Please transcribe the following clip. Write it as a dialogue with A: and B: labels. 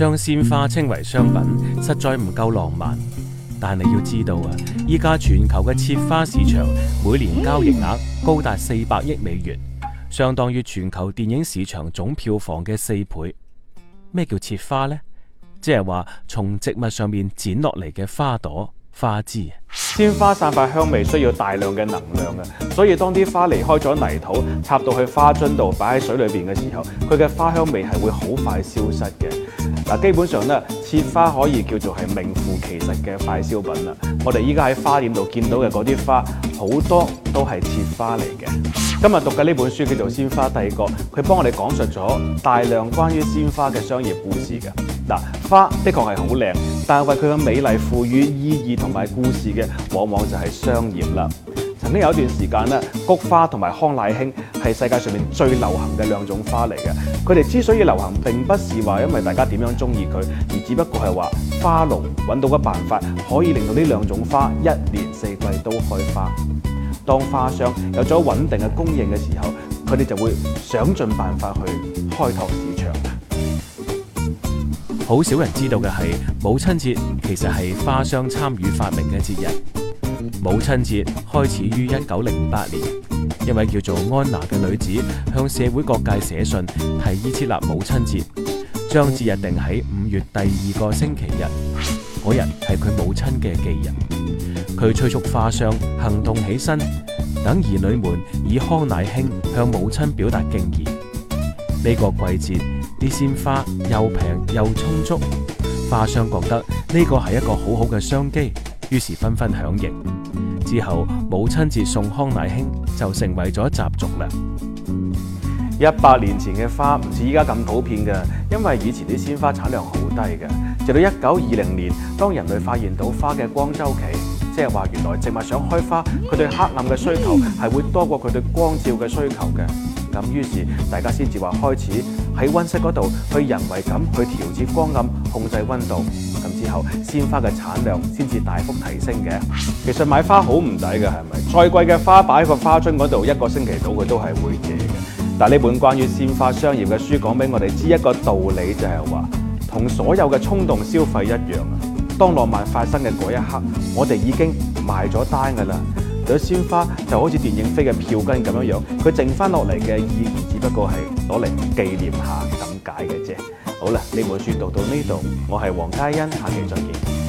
A: 將鮮花稱為商品實在唔夠浪漫，但你要知道啊，依家全球嘅切花市場每年交易額高達四百億美元，相當於全球電影市場總票房嘅四倍。咩叫切花呢？即係話從植物上面剪落嚟嘅花朵、花枝。鮮花散發香味需要大量嘅能量啊，所以當啲花離開咗泥土，插到去花樽度擺喺水裏邊嘅時候，佢嘅花香味係會好快消失嘅。嗱，基本上咧，切花可以叫做係名副其實嘅快消品啦。我哋依家喺花店度見到嘅嗰啲花，好多都係切花嚟嘅。今日讀嘅呢本書叫做《鮮花帝國》，佢幫我哋講述咗大量關於鮮花嘅商業故事嘅。嗱、啊，花的確係好靚，但係為佢嘅美麗賦予意義同埋故事嘅，往往就係商業啦。曾經有一段時間咧，菊花同埋康乃馨係世界上面最流行嘅兩種花嚟嘅。佢哋之所以流行，並不是話因為大家點樣中意佢，而只不過係話花農揾到個辦法，可以令到呢兩種花一年四季都開花。當花商有咗穩定嘅供應嘅時候，佢哋就會想盡辦法去開拓市場。好少人知道嘅係，母親節其實係花商參與發明嘅節日。母親節開始於一九零八年，一位叫做安娜嘅女子向社會各界寫信，提議設立母親節，將節日定喺五月第二個星期日，嗰日係佢母親嘅忌日。佢催促花商行動起身，等兒女們以康乃馨向母親表達敬意。呢個季節啲鮮花又平又充足，花商覺得呢個係一個好好嘅商機。於是紛紛響應，之後母親節送康乃馨就成為咗習俗啦。一百年前嘅花唔似依家咁普遍嘅，因為以前啲鮮花產量好低嘅。直到一九二零年，當人類發現到花嘅光周期。即係話，原來植物想開花，佢對黑暗嘅需求係會多過佢對光照嘅需求嘅。咁於是大家先至話開始喺溫室嗰度去人為咁去調節光暗，控制溫度。咁之後鮮花嘅產量先至大幅提升嘅。其實買花好唔抵嘅，係咪？再貴嘅花擺喺個花樽嗰度，一個星期到佢都係會謝嘅。但係呢本關於鮮花商業嘅書講俾我哋知一個道理，就是，就係話同所有嘅衝動消費一樣。當浪漫發生嘅嗰一刻，我哋已經埋咗單噶啦，朵鮮花就好似電影飛嘅票根咁樣樣，佢剩翻落嚟嘅意義，只不過係攞嚟紀念下咁解嘅啫。好啦，呢本書讀到呢度，我係黃嘉欣，下期再見。